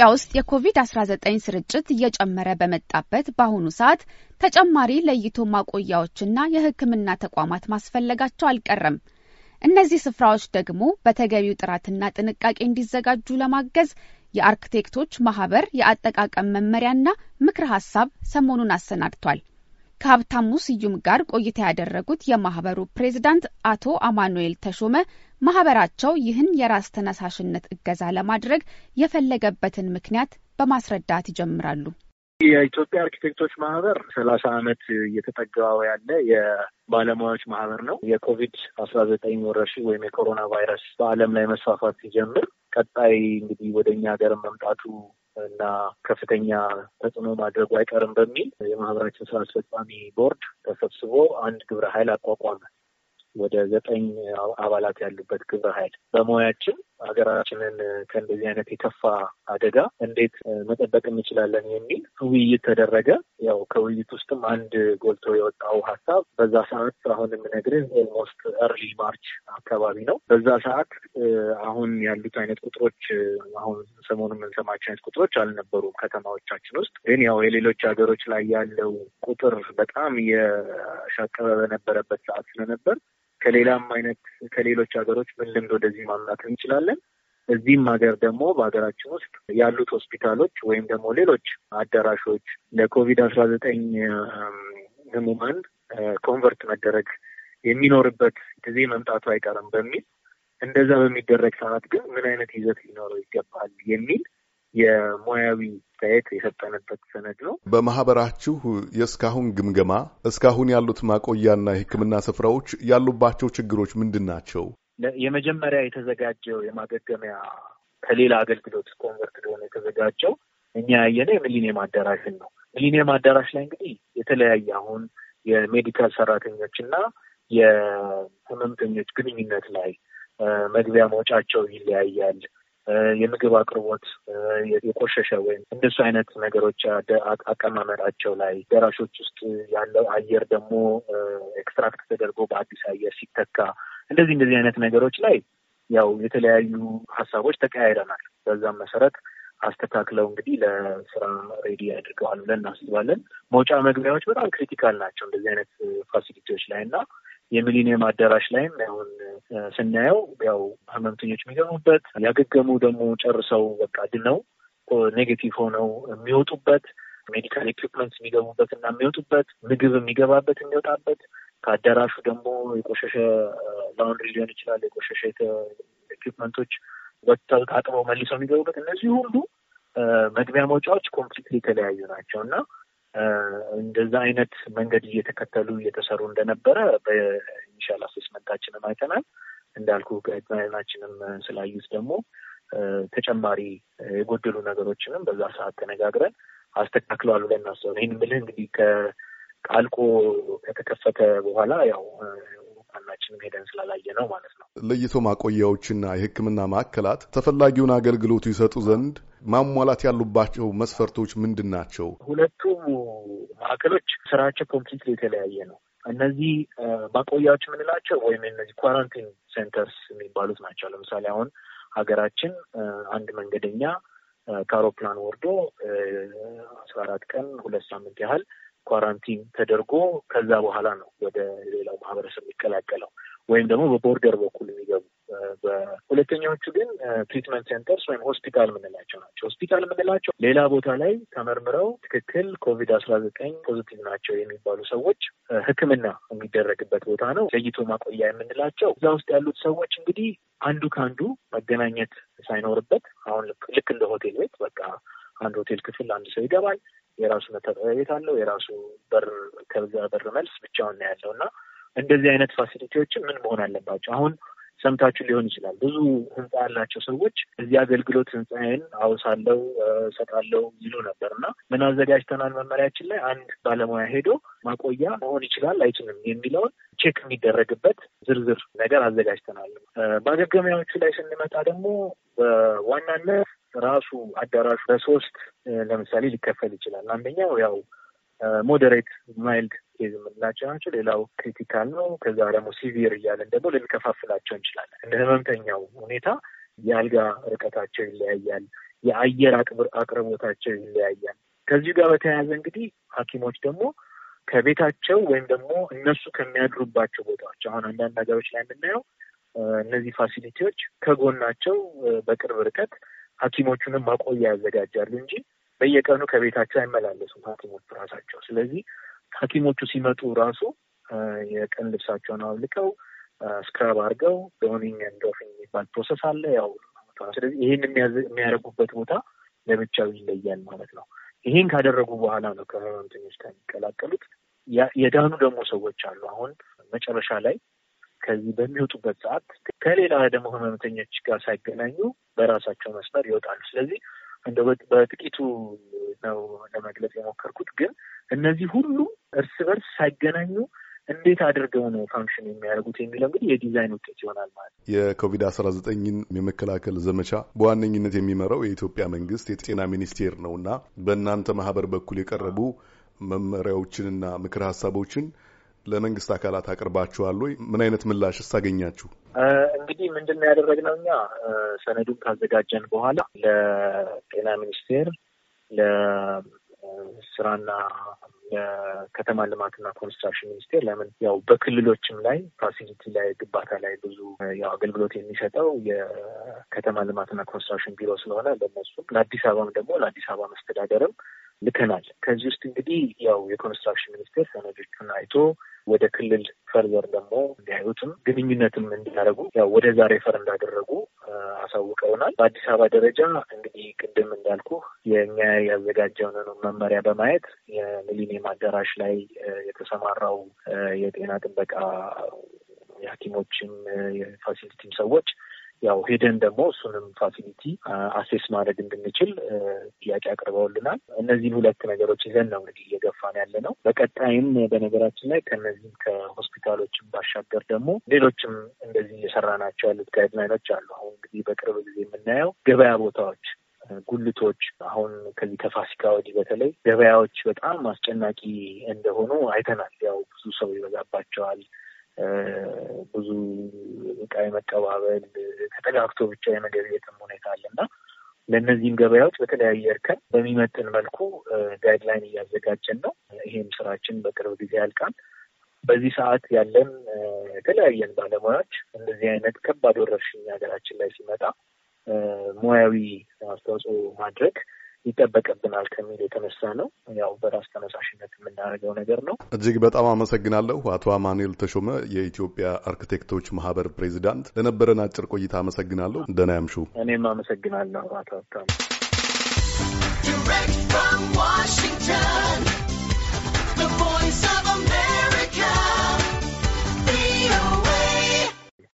ኢትዮጵያ ውስጥ የኮቪድ-19 ስርጭት እየጨመረ በመጣበት በአሁኑ ሰዓት ተጨማሪ ለይቶ ማቆያዎችና የሕክምና ተቋማት ማስፈለጋቸው አልቀረም። እነዚህ ስፍራዎች ደግሞ በተገቢው ጥራትና ጥንቃቄ እንዲዘጋጁ ለማገዝ የአርክቴክቶች ማህበር የአጠቃቀም መመሪያና ምክር ሀሳብ ሰሞኑን አሰናድቷል። ከሀብታሙ ስዩም ጋር ቆይታ ያደረጉት የማህበሩ ፕሬዝዳንት አቶ አማኑኤል ተሾመ ማህበራቸው ይህን የራስ ተነሳሽነት እገዛ ለማድረግ የፈለገበትን ምክንያት በማስረዳት ይጀምራሉ። የኢትዮጵያ አርኪቴክቶች ማህበር ሰላሳ ዓመት እየተጠጋው ያለ የባለሙያዎች ማህበር ነው። የኮቪድ አስራ ዘጠኝ ወረርሽኝ ወይም የኮሮና ቫይረስ በዓለም ላይ መስፋፋት ሲጀምር ቀጣይ እንግዲህ ወደ እኛ ሀገር መምጣቱ እና ከፍተኛ ተጽዕኖ ማድረጉ አይቀርም በሚል የማህበራችን ስራ አስፈጻሚ ቦርድ ተሰብስቦ አንድ ግብረ ኃይል አቋቋመ። ወደ ዘጠኝ አባላት ያሉበት ግብረ ኃይል በሙያችን ሀገራችንን ከእንደዚህ አይነት የከፋ አደጋ እንዴት መጠበቅ እንችላለን የሚል ውይይት ተደረገ። ያው ከውይይት ውስጥም አንድ ጎልቶ የወጣው ሀሳብ በዛ ሰዓት አሁን የምነግርህ ኦልሞስት እርሊ ማርች አካባቢ ነው። በዛ ሰዓት አሁን ያሉት አይነት ቁጥሮች አሁን ሰሞኑ የምንሰማቸው አይነት ቁጥሮች አልነበሩም ከተማዎቻችን ውስጥ። ግን ያው የሌሎች ሀገሮች ላይ ያለው ቁጥር በጣም የሻቀበ በነበረበት ሰዓት ስለነበር ከሌላም አይነት ከሌሎች ሀገሮች ምን ልምድ ወደዚህ ማምጣት እንችላለን። እዚህም ሀገር ደግሞ በሀገራችን ውስጥ ያሉት ሆስፒታሎች ወይም ደግሞ ሌሎች አዳራሾች ለኮቪድ አስራ ዘጠኝ ህሙማን ኮንቨርት መደረግ የሚኖርበት ጊዜ መምጣቱ አይቀርም በሚል እንደዛ በሚደረግ ሰዓት ግን ምን አይነት ይዘት ሊኖረው ይገባል የሚል የሙያዊ አስተያየት የሰጠንበት ሰነድ ነው። በማህበራችሁ የእስካሁን ግምገማ እስካሁን ያሉት ማቆያና የሕክምና ስፍራዎች ያሉባቸው ችግሮች ምንድን ናቸው? የመጀመሪያ የተዘጋጀው የማገገሚያ ከሌላ አገልግሎት ኮንቨርት ሊሆን የተዘጋጀው እኛ ያየነው የሚሊኒየም አዳራሽን ነው። ሚሊኒየም አዳራሽ ላይ እንግዲህ የተለያየ አሁን የሜዲካል ሰራተኞች እና የህመምተኞች ግንኙነት ላይ መግቢያ መውጫቸው ይለያያል። የምግብ አቅርቦት የቆሸሸ ወይም እንደሱ አይነት ነገሮች አቀማመጣቸው ላይ ደራሾች ውስጥ ያለው አየር ደግሞ ኤክስትራክት ተደርጎ በአዲስ አየር ሲተካ እንደዚህ እንደዚህ አይነት ነገሮች ላይ ያው የተለያዩ ሀሳቦች ተቀያይረናል። በዛም መሰረት አስተካክለው እንግዲህ ለስራ ሬዲ ያድርገዋል ብለን እናስባለን። መውጫ መግቢያዎች በጣም ክሪቲካል ናቸው እንደዚህ አይነት ፋሲሊቲዎች ላይ እና የሚሊኒየም አዳራሽ ላይም አሁን ስናየው ያው ህመምተኞች የሚገቡበት ያገገሙ ደግሞ ጨርሰው በቃ ድነው ኔጌቲቭ ሆነው የሚወጡበት ሜዲካል ኢኩፕመንት የሚገቡበት እና የሚወጡበት ምግብ የሚገባበት የሚወጣበት ከአዳራሹ ደግሞ የቆሸሸ ላውንድሪ ሊሆን ይችላል። የቆሸሸ ኢኩፕመንቶች ወጥተው ታጥበው መልሰው የሚገቡበት እነዚህ ሁሉ መግቢያ መውጫዎች ኮምፕሊት የተለያዩ ናቸው እና እንደዛ አይነት መንገድ እየተከተሉ እየተሰሩ እንደነበረ ኢኒሻል አሴስመንታችንን አይተናል። እንዳልኩ ጋይድላይናችንም ስላዩት ደግሞ ተጨማሪ የጎደሉ ነገሮችንም በዛ ሰዓት ተነጋግረን አስተካክለዋል ብለን እናስበ ይህን ምልህ እንግዲህ ከቃልቆ ከተከፈተ በኋላ ያው ሁላችንም ሄደን ስላላየ ነው ማለት ነው። ለይቶ ማቆያዎችና የሕክምና ማዕከላት ተፈላጊውን አገልግሎቱ ይሰጡ ዘንድ ማሟላት ያሉባቸው መስፈርቶች ምንድን ናቸው? ሁለቱ ማዕከሎች ስራቸው ኮምፕሊት የተለያየ ነው። እነዚህ ማቆያዎች የምንላቸው ወይም እነዚህ ኳራንቲን ሴንተርስ የሚባሉት ናቸው። ለምሳሌ አሁን ሀገራችን አንድ መንገደኛ ከአውሮፕላን ወርዶ አስራ አራት ቀን ሁለት ሳምንት ያህል ኳራንቲን ተደርጎ ከዛ በኋላ ነው ወደ ሌላው ማህበረሰብ የሚቀላቀለው። ወይም ደግሞ በቦርደር በኩል የሚገቡ በሁለተኛዎቹ ግን ትሪትመንት ሴንተርስ ወይም ሆስፒታል የምንላቸው ናቸው። ሆስፒታል የምንላቸው ሌላ ቦታ ላይ ተመርምረው ትክክል ኮቪድ አስራ ዘጠኝ ፖዚቲቭ ናቸው የሚባሉ ሰዎች ሕክምና የሚደረግበት ቦታ ነው። ለይቶ ማቆያ የምንላቸው እዛ ውስጥ ያሉት ሰዎች እንግዲህ አንዱ ከአንዱ መገናኘት ሳይኖርበት አሁን ልክ እንደ ሆቴል ቤት በቃ አንድ ሆቴል ክፍል አንድ ሰው ይገባል። የራሱ መታጠቢያ ቤት አለው። የራሱ በር ከዛ በር መልስ ብቻውን ነው ያለው እና እንደዚህ አይነት ፋሲሊቲዎች ምን መሆን አለባቸው? አሁን ሰምታችሁ ሊሆን ይችላል። ብዙ ህንፃ ያላቸው ሰዎች እዚህ አገልግሎት ህንፃዬን አውሳለው እሰጣለው ይሉ ነበር እና ምን አዘጋጅተናል? መመሪያችን ላይ አንድ ባለሙያ ሄዶ ማቆያ መሆን ይችላል አይችልም የሚለውን ቼክ የሚደረግበት ዝርዝር ነገር አዘጋጅተናል። በአገገሚያዎቹ ላይ ስንመጣ ደግሞ በዋናነት ራሱ አዳራሹ በሶስት ለምሳሌ ሊከፈል ይችላል። አንደኛው ያው ሞዴሬት ማይልድ ኬዝ የምንላቸው ናቸው። ሌላው ክሪቲካል ነው። ከዛ ደግሞ ሲቪር እያለን ደግሞ ልንከፋፍላቸው እንችላለን። እንደ ህመምተኛው ሁኔታ የአልጋ ርቀታቸው ይለያያል። የአየር አቅርቦታቸው ይለያያል። ከዚሁ ጋር በተያያዘ እንግዲህ ሐኪሞች ደግሞ ከቤታቸው ወይም ደግሞ እነሱ ከሚያድሩባቸው ቦታዎች አሁን አንዳንድ ሀገሮች ላይ የምናየው እነዚህ ፋሲሊቲዎች ከጎናቸው በቅርብ ርቀት ሐኪሞቹንም ማቆያ ያዘጋጃሉ እንጂ በየቀኑ ከቤታቸው አይመላለሱም ሐኪሞቹ ራሳቸው። ስለዚህ ሐኪሞቹ ሲመጡ ራሱ የቀን ልብሳቸውን አውልቀው ስክራብ አድርገው ዶኒንግ ኤንድ የሚባል ፕሮሰስ አለ ያው። ስለዚህ ይህን የሚያደርጉበት ቦታ ለብቻው ይለያል ማለት ነው። ይህን ካደረጉ በኋላ ነው ከህመምተኞች ከሚቀላቀሉት የዳኑ ደግሞ ሰዎች አሉ። አሁን መጨረሻ ላይ ከዚህ በሚወጡበት ሰዓት ከሌላ ደግሞ ህመምተኞች ጋር ሳይገናኙ በራሳቸው መስመር ይወጣሉ። ስለዚህ እንደ በጥቂቱ ነው ለመግለጽ የሞከርኩት። ግን እነዚህ ሁሉ እርስ በርስ ሳይገናኙ እንዴት አድርገው ነው ፋንክሽን የሚያደርጉት የሚለው እንግዲህ የዲዛይን ውጤት ይሆናል ማለት ነው። የኮቪድ አስራ ዘጠኝን የመከላከል ዘመቻ በዋነኝነት የሚመራው የኢትዮጵያ መንግስት የጤና ሚኒስቴር ነው እና በእናንተ ማህበር በኩል የቀረቡ መመሪያዎችንና ምክር ሀሳቦችን ለመንግስት አካላት አቅርባችኋል ወይ? ምን አይነት ምላሽ እሳገኛችሁ? እንግዲህ ምንድን ነው ያደረግነው እኛ ሰነዱን ካዘጋጀን በኋላ ለጤና ሚኒስቴር፣ ለስራና ከተማ ልማትና ኮንስትራክሽን ሚኒስቴር ለምን ያው በክልሎችም ላይ ፋሲሊቲ ላይ ግንባታ ላይ ብዙ ያው አገልግሎት የሚሰጠው የከተማ ልማትና ኮንስትራክሽን ቢሮ ስለሆነ ለነሱም ለአዲስ አበባም ደግሞ ለአዲስ አበባ መስተዳደርም ልከናል። ከዚህ ውስጥ እንግዲህ ያው የኮንስትራክሽን ሚኒስቴር ሰነዶቹን አይቶ ወደ ክልል ፈርዘር ደግሞ እንዲያዩትም ግንኙነትም እንዲያደርጉ ያው ወደ ዛሬ ፈር እንዳደረጉ አሳውቀውናል። በአዲስ አበባ ደረጃ እንግዲህ ቅድም እንዳልኩ የእኛ ያዘጋጀውን መመሪያ በማየት የሚሊኒየም አዳራሽ ላይ የተሰማራው የጤና ጥበቃ የሐኪሞችም የፋሲሊቲም ሰዎች ያው ሄደን ደግሞ እሱንም ፋሲሊቲ አሴስ ማድረግ እንድንችል ጥያቄ አቅርበውልናል። እነዚህን ሁለት ነገሮች ይዘን ነው እንግዲህ እየገፋን ያለ ነው። በቀጣይም በነገራችን ላይ ከነዚህም ከሆስፒታሎችም ባሻገር ደግሞ ሌሎችም እንደዚህ እየሰራ ናቸው ያሉት ጋይድላይኖች አሉ። አሁን እንግዲህ በቅርብ ጊዜ የምናየው ገበያ ቦታዎች ጉልቶች አሁን ከዚህ ከፋሲካ ወዲህ በተለይ ገበያዎች በጣም አስጨናቂ እንደሆኑ አይተናል። ያው ብዙ ሰው ይበዛባቸዋል። ብዙ እቃ የመቀባበል ተጠጋግቶ ብቻ የመገብየትም ሁኔታ አለ እና ለእነዚህም ገበያዎች በተለያየ እርከን በሚመጥን መልኩ ጋይድላይን እያዘጋጀን ነው። ይህም ስራችን በቅርብ ጊዜ ያልቃል። በዚህ ሰዓት ያለን የተለያየን ባለሙያዎች እንደዚህ አይነት ከባድ ወረርሽኝ ሀገራችን ላይ ሲመጣ ሙያዊ አስተዋጽኦ ማድረግ ይጠበቅብናል ከሚል የተነሳ ነው። ያው በራስ ተነሳሽነት የምናደርገው ነገር ነው። እጅግ በጣም አመሰግናለሁ። አቶ አማኑኤል ተሾመ የኢትዮጵያ አርክቴክቶች ማህበር ፕሬዚዳንት፣ ለነበረን አጭር ቆይታ አመሰግናለሁ። ደህና ያምሹ። እኔም አመሰግናለሁ አቶ ሀብታሙ።